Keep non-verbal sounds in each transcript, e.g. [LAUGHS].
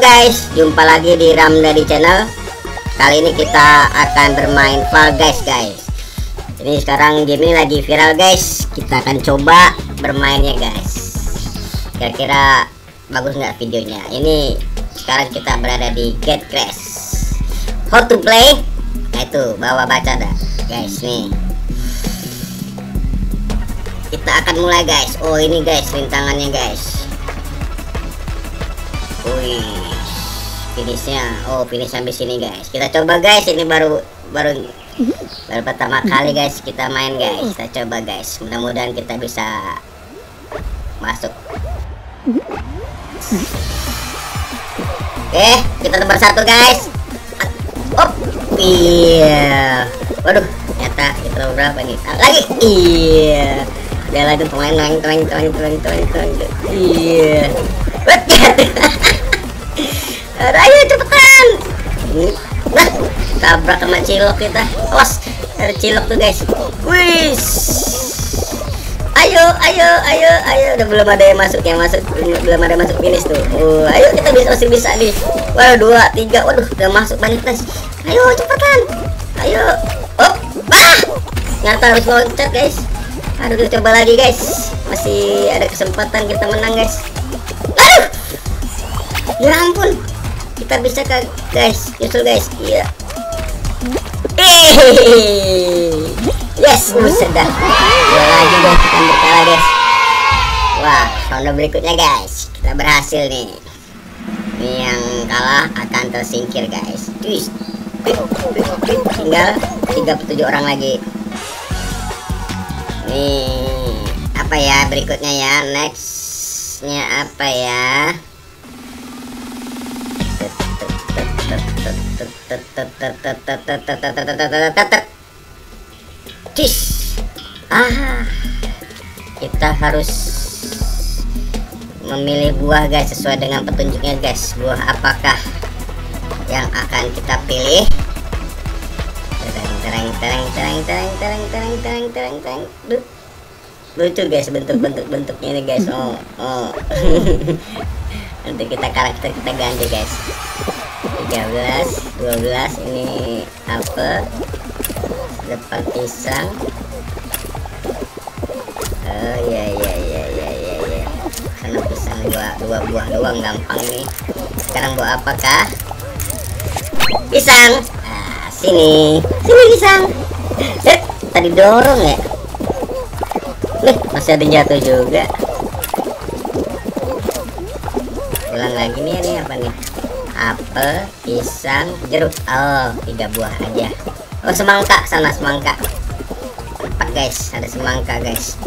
guys, jumpa lagi di Ramdadi Channel Kali ini kita akan bermain Fall Guys guys Ini sekarang game ini lagi viral guys Kita akan coba bermainnya guys Kira-kira bagus nggak videonya Ini sekarang kita berada di Get Crash How to play? Nah itu, bawa baca dah guys nih Kita akan mulai guys Oh ini guys rintangannya guys Wih finishnya oh finish sampai sini guys kita coba guys ini baru baru baru pertama kali guys kita main guys kita coba guys mudah-mudahan kita bisa masuk oke eh, kita nomor satu guys oh iya yeah. waduh nyata kita nomor berapa nih ah, lagi iya Dia lagi pemain nang tuan tuan tuan tuan tuan iya [LAUGHS] Ayo cepetan Nah tabrak sama cilok kita awas ada cilok tuh guys Wiss ayo ayo ayo ayo udah belum ada yang masuk yang masuk belum, ada yang masuk finish tuh uh, ayo kita bisa masih bisa nih wah dua tiga waduh udah masuk banyak guys ayo cepetan ayo oh bah nyata harus loncat guys aduh kita coba lagi guys masih ada kesempatan kita menang guys aduh ya ampun kita bisa kan guys justru gitu guys iya Hehehe. yes buset dah dua lagi guys kita berkala guys wah ronde berikutnya guys kita berhasil nih ini yang kalah akan tersingkir guys Twist. tinggal 37 orang lagi nih apa ya berikutnya ya nextnya apa ya Cis. Ah. Kita harus memilih buah guys sesuai dengan petunjuknya guys. Buah apakah yang akan kita pilih? Tereng tereng tereng tereng tereng tereng tereng tereng tereng tereng. Lucu guys bentuk-bentuk bentuknya ini guys. Oh, oh. [LAUGHS] Nanti kita karakter kita ganti guys. 13 12 ini apa depan pisang oh ya ya ya ya ya ya karena pisang dua, dua buah doang gampang nih sekarang buat apakah pisang nah, sini sini pisang eh tadi dorong ya nih masih ada jatuh juga ulang lagi nih ini apa nih apel, pisang, jeruk. Oh, tiga buah aja. Oh, semangka sana semangka. Empat guys, ada semangka guys.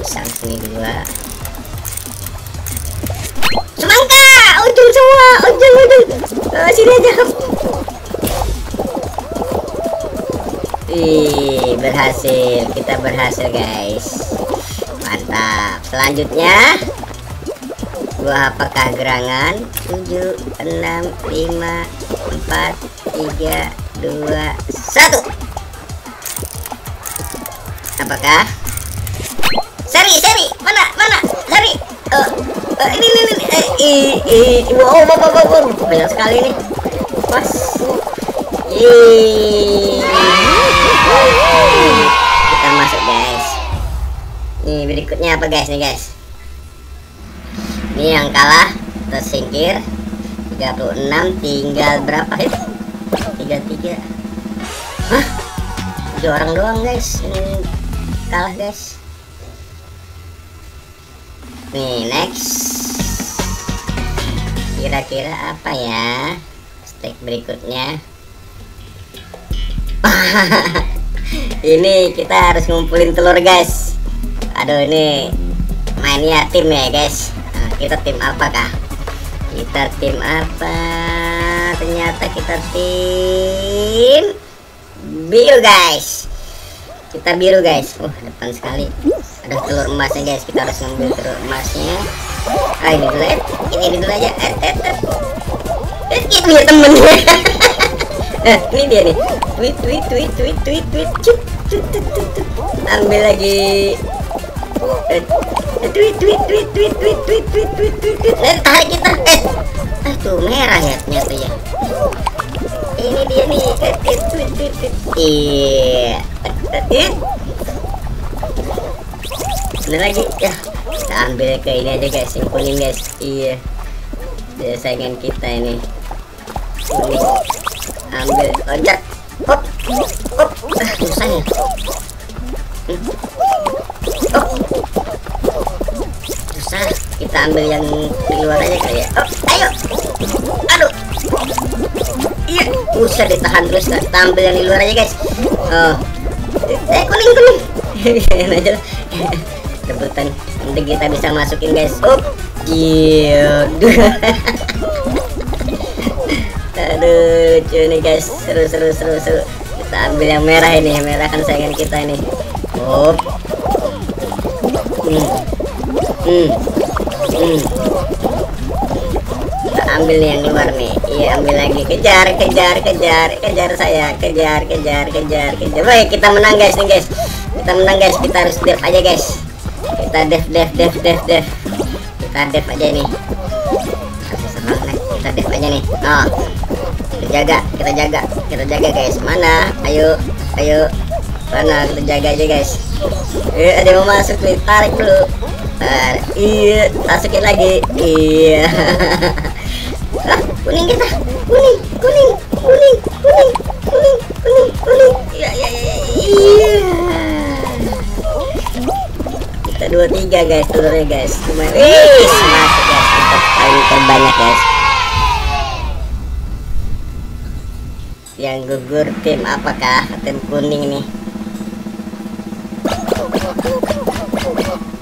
Pisang sini dua. Semangka, ujung semua, ujung ujung. Oh, sini aja. Ih, berhasil. Kita berhasil guys. Mantap. Selanjutnya gua apakah gerangan 7 6 5 4 3 2 1 apakah seri seri mana mana seri uh, uh, ini ini ini eh, ini ini wow wow wow wow wow. banyak sekali nih pas kita masuk guys ini berikutnya apa guys nih guys ini yang kalah tersingkir 36 tinggal berapa eh, itu 33 Hah? 7 orang doang guys ini kalah guys nih next kira-kira apa ya stack berikutnya [LAUGHS] ini kita harus ngumpulin telur guys aduh ini mainnya tim ya guys kita tim apakah kita tim apa ternyata kita tim biru guys kita biru guys uh depan sekali ada telur emasnya guys kita harus ngambil telur emasnya ah ini dulu eh. ini, dulu aja eh, eh, eh. eh ini punya temen nah [LAUGHS] eh, ini dia nih tweet tweet tweet tweet tweet tweet ambil lagi eh tarik kita eh aduh tuh merah ya, ya ini dia nih iya lagi ya kita ambil ke ini aja guys yang kuning guys iya dia kita ini ambil loncat hop hop kita ambil yang di luar aja kali ya oh ayo aduh iya usah ditahan terus kan kita ambil yang di luar aja guys oh eh kuning kuning aja [LAUGHS] rebutan nanti kita bisa masukin guys oh iya [LAUGHS] aduh cuy nih guys seru seru seru seru kita ambil yang merah ini yang merah kan sayang kita ini oh hmm hmm Hmm. ambil yang luar nih iya ambil lagi kejar kejar kejar kejar saya kejar kejar kejar kejar baik kita menang guys nih guys kita menang guys kita harus dev aja guys kita dev dev dev dev dev kita dev aja nih kita dev aja nih oh kita jaga kita jaga kita jaga guys mana ayo ayo mana kita jaga aja guys eh ada mau masuk nih tarik dulu iya masukin lagi iya Hah, kuning kita kuning kuning kuning kuning kuning kuning kuning iya iya iya iya kita dua tiga guys telurnya guys cuma wis masuk guys untuk paling terbanyak guys yang gugur tim apakah tim kuning nih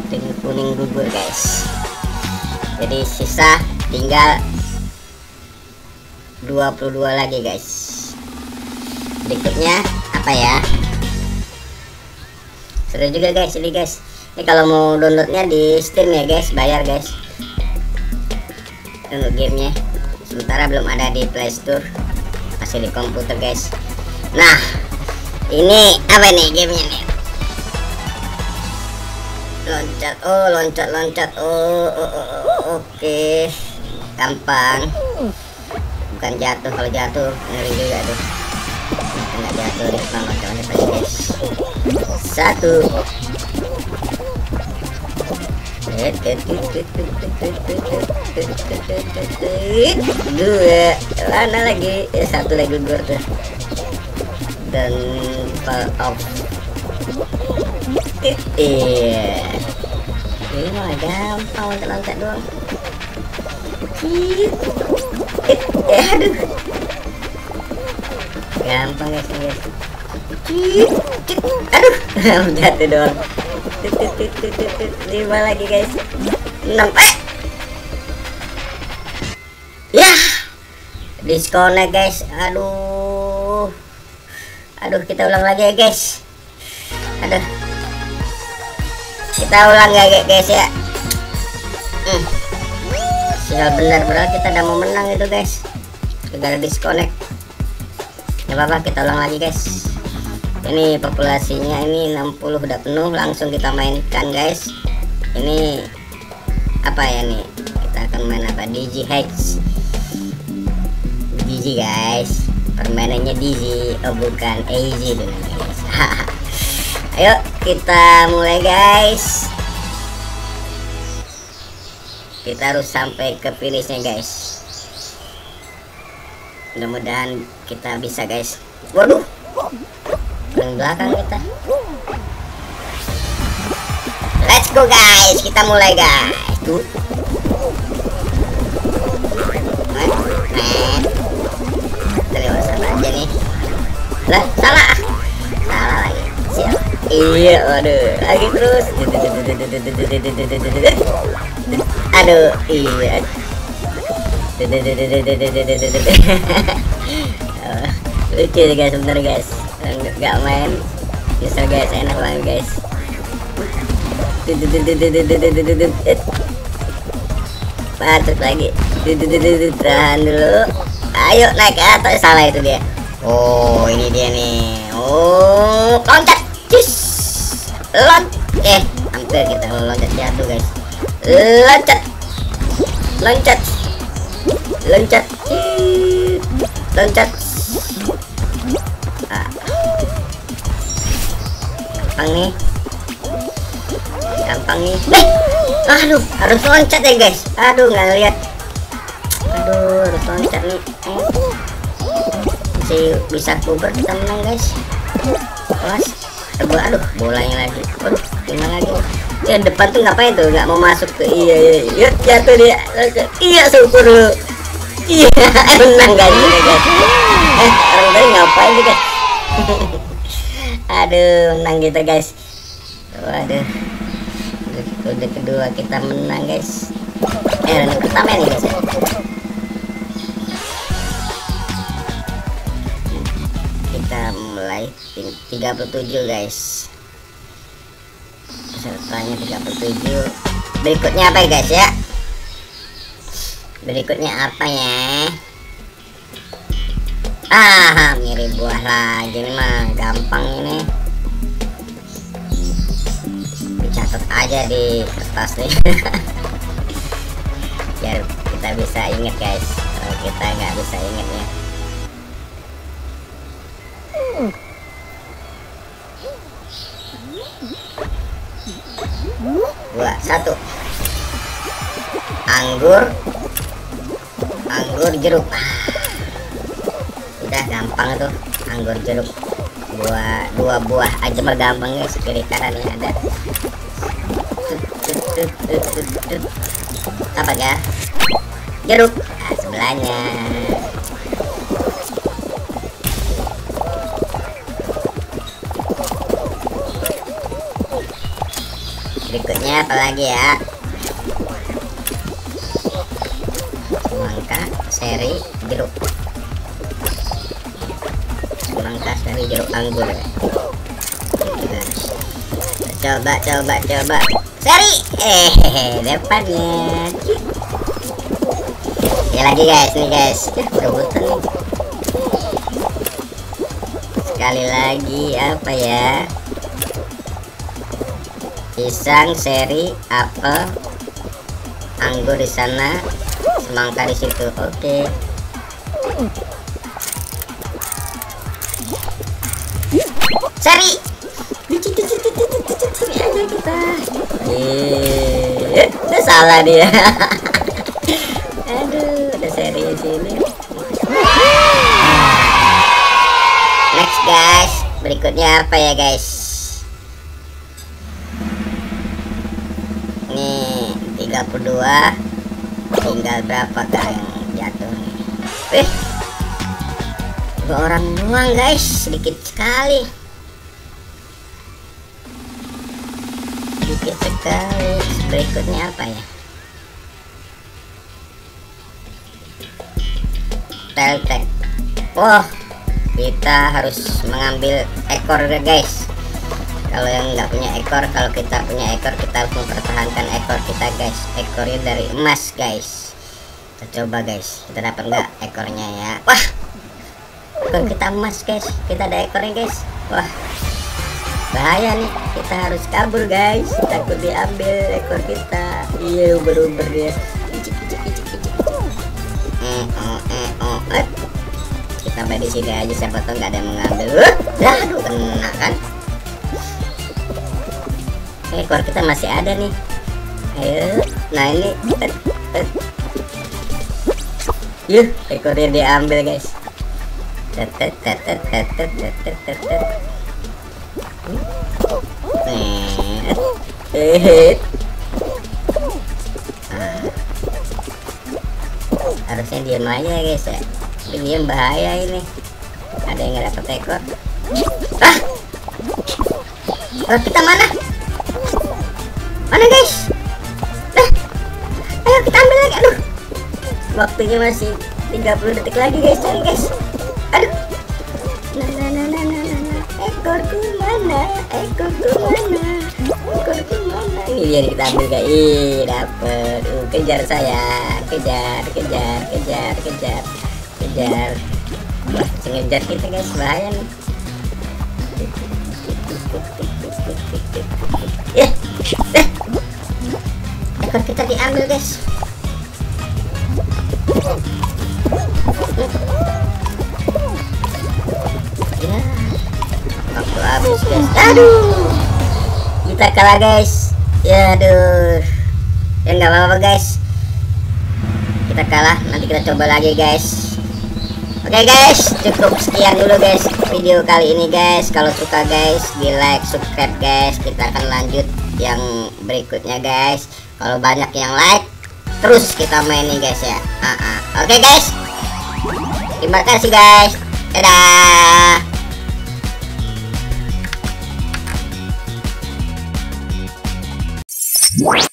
dengan kuning gugur guys jadi sisa tinggal 22 lagi guys berikutnya apa ya seru juga guys ini guys ini kalau mau downloadnya di steam ya guys bayar guys untuk gamenya sementara belum ada di playstore masih di komputer guys nah ini apa nih gamenya nih loncat oh loncat loncat oh, oh, oh, oh oke okay. gampang bukan jatuh kalau jatuh ngeri juga tuh enggak jatuh deh bang loncat loncat aja guys satu dua mana lagi eh, satu lagi gue tuh dan fall off eh ini mah gampang untuk loncat doang eh aduh gampang ya guys guys aduh jatuh doang lima lagi guys enam eh ya disconnect guys aduh aduh kita ulang lagi ya guys aduh kita ulang ya guys ya hmm. sial bener bro kita udah mau menang itu guys gagal disconnect ya apa-apa kita ulang lagi guys ini populasinya ini 60 udah penuh langsung kita mainkan guys ini apa ya nih kita akan main apa DJ Hedge DJ guys permainannya DJ oh bukan AZ dulu guys [LAUGHS] Ayo kita mulai guys Kita harus sampai ke finishnya guys Mudah-mudahan kita bisa guys Waduh Paling belakang kita Let's go guys Kita mulai guys Tuh Nah, Kita lewat sana aja nih Lah salah Iya, aduh. Lagi terus. Aduh, iya. [LAUGHS] Lucu deh guys, bentar guys. Gak main. Bisa guys, enak banget guys. Patut lagi. Tahan dulu. Ayo naik ke atas. Salah itu dia. Oh, ini dia nih. Oh, loncat. Cus lon eh kita kita loncat jatuh guys loncat loncat loncat loncat ah. gampang nih gampang nih eh. aduh harus loncat ya guys aduh nggak lihat aduh harus loncat nih eh. masih bisa kuber kita menang guys awas tebal aduh bolanya lagi aduh lima lagi ya depan tuh ngapain tuh nggak mau masuk tuh iya iya iya jatuh dia iya syukur lu iya menang gak sih guys eh orang tadi ngapain sih guys [LAUGHS] aduh menang kita guys waduh udah kedua kita menang guys eh kedua pertama nih guys ya. mulai 37 guys pesertanya 37 berikutnya apa ya guys ya berikutnya apa ya ah mirip buah lagi nih mah gampang ini dicatat aja di kertas nih [LAUGHS] biar kita bisa inget guys kalau kita nggak bisa inget ya dua satu anggur anggur jeruk ah. udah gampang tuh anggur jeruk buah dua buah aja gampang guys ya, kiri kanan ini ada apa ya jeruk nah, sebelahnya apa lagi ya? Semangka, seri, jeruk. Semangka, seri, jeruk, anggur. Ya. Nah, coba, coba, coba. Seri. hehehe [LAUGHS] depannya. Ya lagi guys, nih guys. Ya, nih. Sekali lagi apa ya? pisang seri apel anggur di sana semangka di situ oke okay. seri sini aja kita Yeay. salah dia [LAUGHS] aduh ada seri di sini next guys berikutnya apa ya guys 32 tinggal berapa yang jatuh nih eh dua orang doang guys sedikit sekali sedikit sekali berikutnya apa ya teltek Oh, kita harus mengambil ekor guys kalau yang nggak punya ekor kalau kita punya ekor kita harus mempertahankan ekor kita guys ekornya dari emas guys kita coba guys kita dapat nggak ekornya ya wah ekor kita emas guys kita ada ekornya guys wah bahaya nih kita harus kabur guys takut diambil ekor kita iya uber uber dia eh, eh, eh, eh. kita main di sini aja siapa potong nggak ada yang mengambil uh, aduh kena kan ekor eh, kita masih ada nih ayo nah ini eh, eh. yuh ekornya diambil guys harusnya diem aja guys ya Tapi diem bahaya ini ada yang gak dapet ekor ah kita mana Mana guys? Nah, ayo kita ambil lagi. Aduh. Waktunya masih 30 detik lagi guys, cari guys. Aduh. Nah, nah, nah, nah, nah, nah. Ekorku mana? Ekorku mana? Ekorku mana? Ini biar kita ambil guys. Dapat. Uh, kejar saya. Kejar, kejar, kejar, kejar. Kejar. Wah, kita guys, bahaya nih eh, eh. ekor kita diambil guys ya habis guys aduh kita kalah guys ya aduh ya nggak apa-apa guys kita kalah nanti kita coba lagi guys Oke okay guys, cukup sekian dulu guys video kali ini guys. Kalau suka guys, di like, subscribe guys. Kita akan lanjut yang berikutnya guys. Kalau banyak yang like, terus kita main nih guys ya. Uh -uh. Oke okay guys, terima kasih guys. Dadah. What?